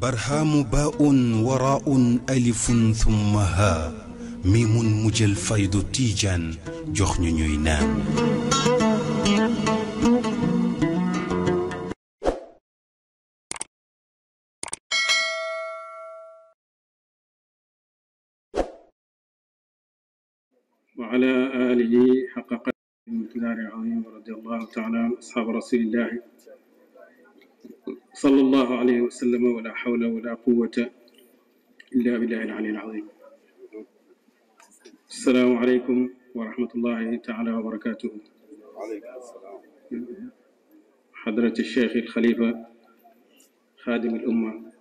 برهام باء وراء ألف ثم ها ميم مجل فيض تيجا جخن نينام وعلى آله حقق قدر العظيم رضي الله تعالى عن أصحاب رسول الله صلى الله عليه وسلم ولا حول ولا قوة إلا بالله العلي العظيم السلام عليكم ورحمة الله تعالى وبركاته وعليكم السلام حضرة الشيخ الخليفة خادم الأمة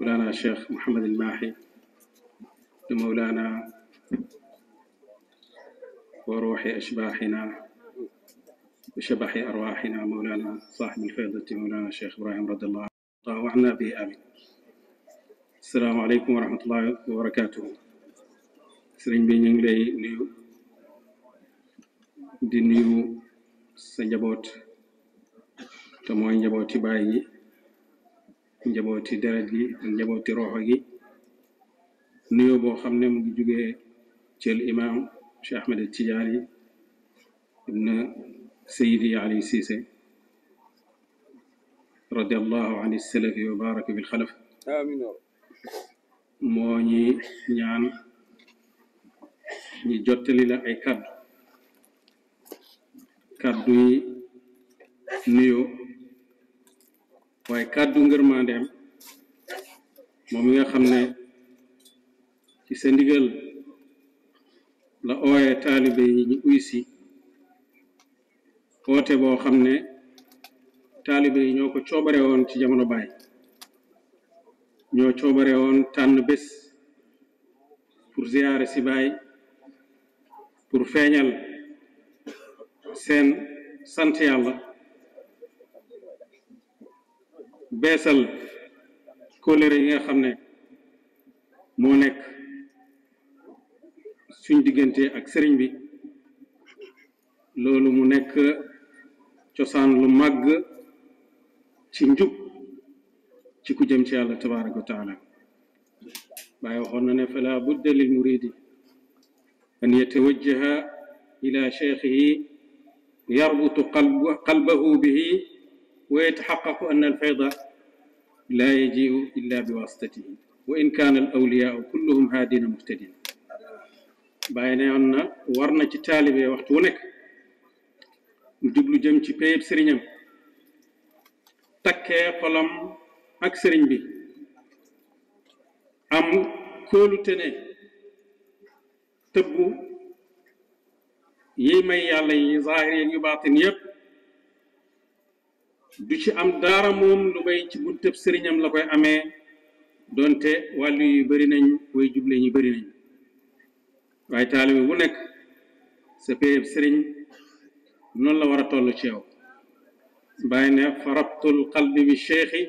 مولانا الشيخ محمد الماحي ومولانا وروح أشباحنا بشبح أرواحنا مولانا صاحب الفائدة مولانا الشيخ إبراهيم رضي الله عنه وعنا به آمين السلام عليكم ورحمة الله وبركاته sëriñ bi ñu ngi lay nuyu di nuyu sa njaboot te mooy njabooti baay yi njabooti deret gi njabooti roxo gi nuyu boo xam ne mu ngi jugee ci imam Cheikh Ahmed Tidiane ibn سيدي علي سيسي رضي الله عن السلف وبارك بالخلف امين يا رب موني نيان ني جوتلي لا اي كاد كادوي نيو واي كادو غيرمانديم موم ليغا خامني سي سنديغال لا اوي طالبي ني اويسي woote boo xam ne taalibe yi ñoo ko coobaree woon ci jamono baay ñoo coobare woon tànn bés pour ziyaare si baay pour feeñal seen sant yàlla beesal kóllëre yi nga xam ne moo nekk suñ diggante ak sëriñ bi loolu mu nekk cosaan lu màgg ci njub ci ku jëm ci yàlla tabaraka wa taala bàyyi waxoon na ne fala budda lil muridi an yatawajjaha ila cheikhihi yarbutu qalbahu bihi wa yataxaqaqu an alfayda la yajiu illa biwasitatihi wa in kaana al awliyaau kulluhum haadina muhtadin bàyyi ne yoon na war na ci taalibe waxtu wu nekk mu jublu jëm ci péyeb sëriñam takkee xolam ak sëriñ bi am kóolute ne tëbbu yi may yàlla yi zaahir yu baatin yépp du ci am dara moom lu may ci buntëb sëriñam la koy amee donte wàllu yu bari nañ way juble ñu bari nañ waaye taalibe bu nekk sa péyeb sëriñ noonu la war a toll ci yow bàyyi ne farabtul qalbi bi cheikhi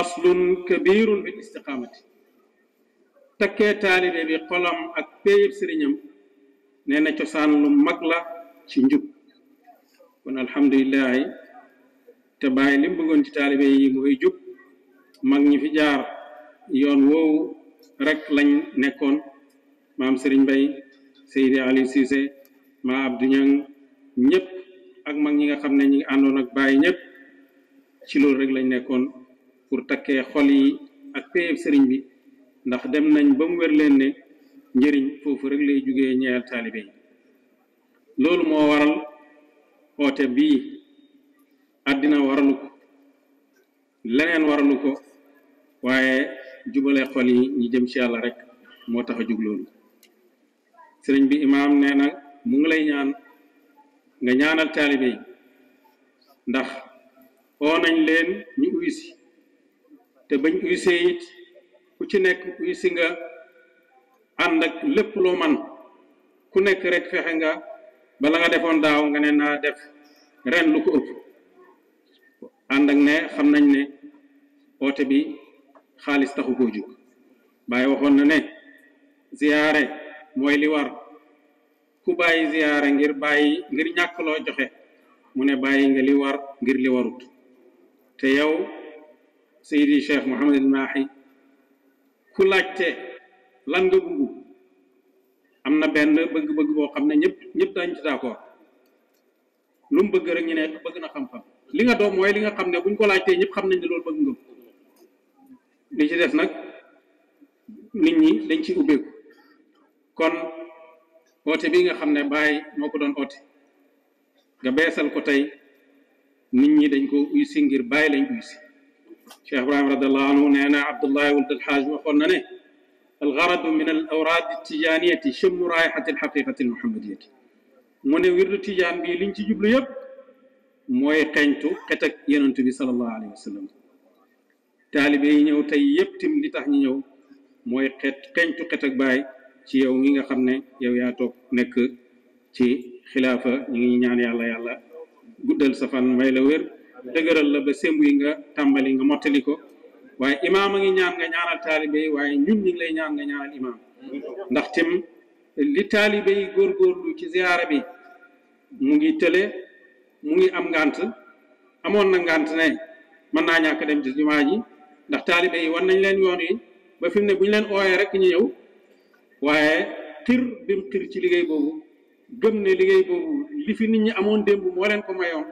aslun kabirun fi istiqaamati takkee taalibe bi xolam ak péyëb sëriñam nee na cosaan lu mag la ci njub kon alhamdulilahi te bàyyi li mu bëggoon ci taalibe yi mooy jub mag ñi fi jaar yoon woowu rek lañ nekkoon maam sëriñ Mbay Seydi Ali Cissé maa Abdou Niang ñëpp ak mag ñi nga xam ne ñi ngi àndoon ak bàyyi ñëpp ci loolu rek lañu nekkoon pour takkee xol yi ak péyeb sëriñ bi ndax dem nañ ba mu wér leen ne njëriñ foofu rek lay jógee ñeel taalibe yi loolu moo waral oote bii àddina waralu ko leneen waralu ko waaye jubale xol yi ñu jëm ci yàlla rek moo tax a jug loolu sëriñ bi imaam nee na mu ngi lay ñaan nga ñaanal taalibe yi ndax oo nañ leen ñu uysi te bañ uysee it ku ci nekk uysi nga ànd ak lépp loo man ku nekk rek fexe nga bala nga defoon daaw nga ne naa def ren lu ko ëpp ànd ak ne xam nañ ne oote bi xaalis taxu koo jóg bàyyi waxoon na ne ziyaare mooy li war ku bàyyi ziyaara ngir bàyyi ngir ñàkk loo joxe mu ne bàyyi nga li war ngir li warut te yow Seydi Cheikh Mouhamadul Mahi ku laajte lan nga am na benn bëgg-bëgg boo xam ne ñëpp ñëpp dañ ci d'accord lu mu bëgg rek ñu nekk bëgg na xam-xam li nga doom mooy li nga xam ne buñ ko laajtee ñëpp xam nañ ne loolu bëgg nga li ci def nag nit ñi dañ ci ubbeeku kon oote bi nga xam ne Baye moo ko doon oote nga beesal ko tey nit ñi dañ ko uy si ngir Baye lañ uy si Cheikh Ibrahima radiallahu anhu nee na Abdullahi wuld alxaaj waxoon na ne algaradu min al awraad tijaaniyati chimmu raayxati alxaqiqati almuhammadiyati mu ne wirdu tijaan bii liñ ci jublu yëpp mooy xeñtu xet ak yonent bi salallahu alayhi wa sallam taalibe yi ñëw tey yëpp tim li tax ñu ñëw mooy xet xeñtu xet ak Baye ci yow mi nga xam ne yow yaa toog nekk ci xilaafa ñu ngi ñaan yàlla yàlla guddal sa fan may la wér dëgëral la ba semb yi nga tàmbali nga mottali ko waaye imaam a ngi ñaan nga ñaanal taalibe yi waaye ñun ñu lay ñaan nga ñaanal imaam ndax tim li taalibe yi góorgóorlu ci ziyaara bi mu ngi tële mu ngi am ngant amoon na ngant ne mën naa ñàkk dem ci jumaa ndax taalibe yi wan nañ leen yoon yi ba fi ne bu ñu leen ooyee rek ñu ñëw waaye tir bim tir ci liggéey boobu gëm ne liggéey boobu li fi nit ñi amoon démb moo leen ko mayoon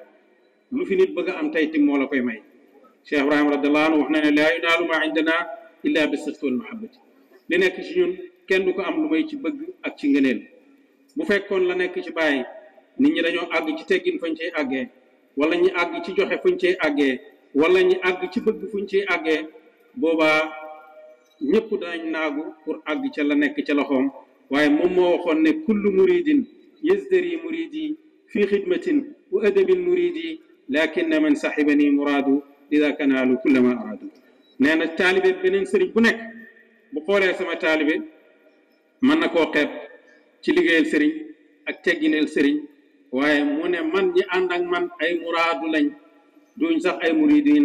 lu fi nit bëgg am tey tim moo la koy may Cheikh Ibrahima radiallahu anhu wax na ne laa yunaalu maa indana illa bi sidqi wal mahabbati li nekk ci ñun kenn du ko am lu may ci bëgg ak ci ngëneel bu fekkoon la nekk ci bàyyi nit ñi dañoo àgg ci teggin fañ cey àggee wala ñi àgg ci joxe fuñ cey àggee walla ñi àgg ci bëgg fuñ ci àggee boobaa ñëpp daañ naagu pour àgg ca la nekk ca loxoom waaye moom moo waxoon ne kullu muridin yasdari muridi fi xidmatin wa adabin muridi ne man saxibani muraadu ida kanaalu kulla ma araadu nee na taalibe beneen sëriñ bu nekk bu xoolee sama taalibe mën na koo xeeb ci liggéeyal sëriñ ak teggineel sëriñ waaye mu ne man ñi ànd man ay muraadu lañ duñ sax ay muridin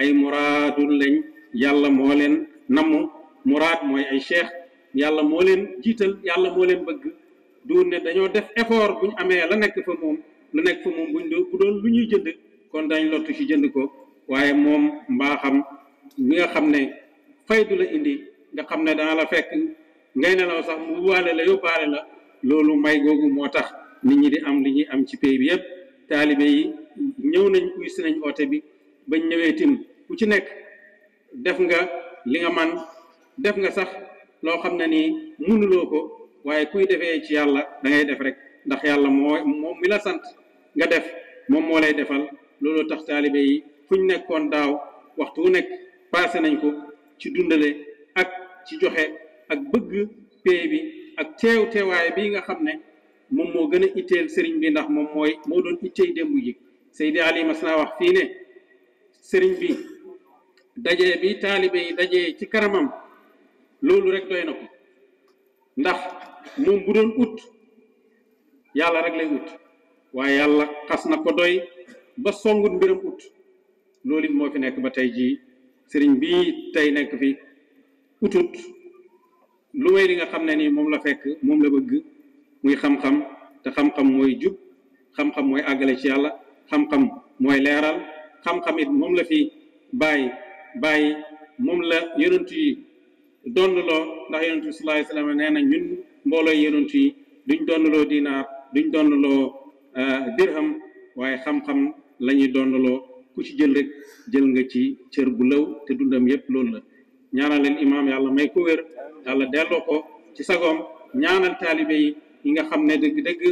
ay muraadu lañ yàlla moo leen namm muraad mooy ay cheikh yàlla moo leen jiital yalla moo leen bëgg du ne dañoo def effort bu ñu amee la nekk fa moom la nekk fa moom buñ doon bu doon lu ñuy jënd kon dañ lottu ci jënd ko waaye moom mbaaxam mi nga xam ne faydu la indi nga xam ne dana la fekk ngay nelaw sax mu waale la yóbbaale la loolu may googu moo tax nit ñi di am li ñuy am ci pay bi yëpp taalibe yi ñëw nañ uy si nañ oote bi bañ ñëwee tim ku ci nekk def nga li nga man def nga sax loo xam ne ni mënuloo ko waaye kuy defee ci yàlla dangay def rek ndax yàlla moo moom mi la sant nga def moom moo lay defal looloo tax taalibe yi fu nekkoon daaw waxtu wu nekk passé nañ ko ci dundale ak ci joxe ak bëgg pay bi ak teew teewaay bii nga xam ne moom moo gën a itteel sëriñ bi ndax moom mooy moo doon ittey démb yi Seydi Ali mas naa wax fii ne sëriñ bi dajee bi taalibe yi dajee ci kanamam loolu rek doy na ko ndax moom bu doon ut yàlla rek lay ut waaye yàlla xas na ko doy ba songut mbiram ut loolu moo fi nekk ba tey jii sëriñ bii tey nekk fi utut lu may li nga xam ne nii moom la fekk moom la bëgg muy xam-xam te xam-xam mooy jub xam-xam mooy àggale ci yàlla xam-xam mooy leeral xam-xam it moom la fi bàyyi bàyyi moom la yonent yi donnloo ndax yonent bi sallallahu alayhi wasallam nee na ñun mbooloo yonent yi duñ donnloo dinaar duñ donnloo eh, dirham waaye xam-xam la ñuy donnloo ku ci jël rek jël nga ci cër bu law te dundam yépp loolu la ñaanal leen imaam yàlla may ko wér yàlla delloo ko ci sagoom ñaanal taalibe yi yi nga xam ne dëgg-dëgg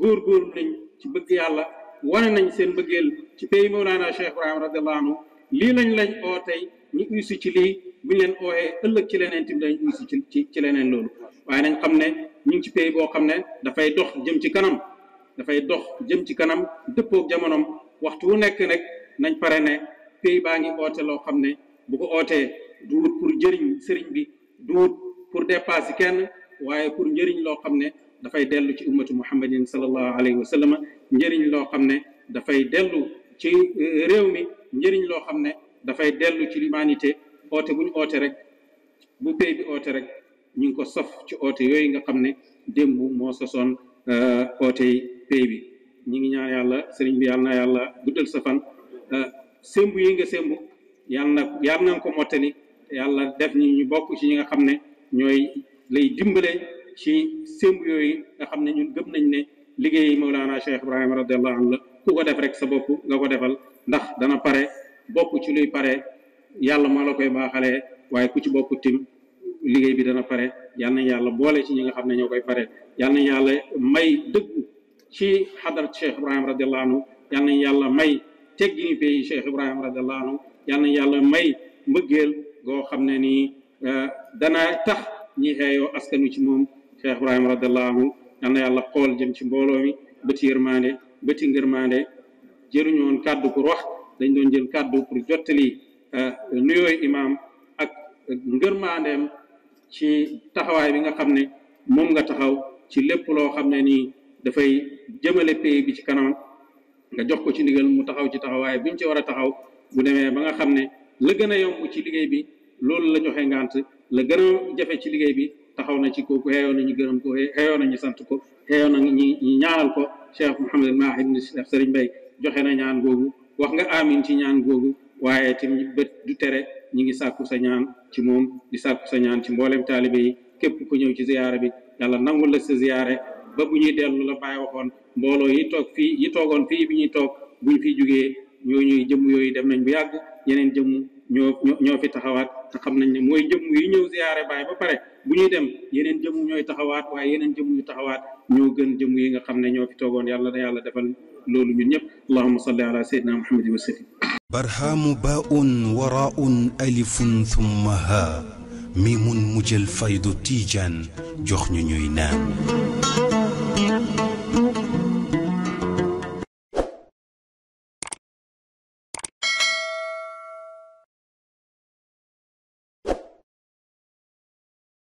góor góor nañ ci bëgg yàlla wane nañ seen bëggeel ci pays Mawlana Cheikh Ibrahim radiyallahu anhu lii lañ lañ oo tey ñu uy ci lii bu ñu leen ooyee ëllëg ci leneen tamit dañ uy si ci ci leneen loolu waaye nañ xam ne ñu ci pays boo xam ne dafay dox jëm ci kanam dafay dox jëm ci kanam dëppoog jamonoom waxtu wu nekk nag nañ pare ne pays baa ngi oote loo xam ne bu ko ootee du pour jëriñ sëriñ bi du wut pour dépasser kenn waaye pour njëriñ loo xam ne dafay dellu ci ummatu muhammadin sallallahu alayhi wa sallam njëriñ loo xam ne dafay dellu ci euh, réew mi njëriñ loo xam ne dafay dellu ci l'humanité oote bu ñu oote rek bu pay bi oote rek ñu ngi ko sof ci oote yooyu nga xam ne démb moo sosoon euh, oote yi pay bi ñu ngi ñaan yàlla sëriñ bi yàlla na yàlla guddal sa fan euh, sémb yi nga sémb yàlla na yàlla ko mottali yàlla def ñi ñu bokk ci ñi nga xam ne ñooy lay dimbale ci sémb yooyu nga xam ne ñun gëm nañ ne liggéey Mawlana Cheikh Ibrahima radiallahu anhu la ku ko def rek sa bopp nga ko defal ndax dana pare bokk ci luy pare yàlla moo la koy baaxalee waaye ku ci bokk tim liggéey bi dana pare yal nañ yàlla boole ci ñi nga xam ne ñoo koy pare yal yàlla may dëggu ci xadar Cheikh Ibrahim radiallahu anhu yàlla may teggini pays Cheikh Ibrahim radiallahu anhu yal yàlla may mbëggeel goo xam ne nii euh, dana tax ñi xeeyoo askanu ci moom Cheikh Ibrahim radiallahu anhu yàlla xool jëm ci mbooloo mi bëti yërmande bëti ngërmande jëruñoon kàddu pour wax dañ doon jël kàddu pour jottali euh, nuyooy imaam ak ngërmaandeem ci taxawaay bi nga xam ne moom nga taxaw ci lépp loo xam ne nii dafay jëmale pays bi ci kanam nga jox ko ci ndigal mu taxaw ci taxawaay bi mu war a taxaw bu demee ba nga xam ne la gën a yomb ci liggéey bi loolu la joxe ngant la gën a jafe ci liggéey bi taxaw na ci kooku xeeyoo nañu gërëm ko na nañu sant ko xeeyoo na ñi ñaanal ko Cheikh Mouhamadul Mahi ibn Serigne Mbaye joxe na ñaan googu wax nga amin ci ñaan googu waaye tim bët du tere ñi ngi sàkku sa ñaan ci moom di sàkku sa ñaan ci mboolem taalibe yi képp ku ñëw ci ziyaara bi yàlla nangu la sa ziyaare ba bu ñuy dellu la mbooloo yi toog fii yi toogoon fii bi ñuy toog buñ fi jugee ñoo ñuy jëmm yooyu dem nañ bu yàgg yeneen jëmm ñoo fi taxawaat te xam nañ ne mooy jëmm yi ñëw ziyaare baay ba pare bu ñuy dem yeneen jëmm ñooy taxawaat waaye yeneen jëmm yu taxawaat ñoo gën jëmm yi nga xam ne ñoo fi toogoon yàlla na yàlla defal لولو ينيب اللهم صل على سيدنا محمد وسلم برهام باء وراء ألف ثم ها ميم مجل فيض تيجان جخن ينام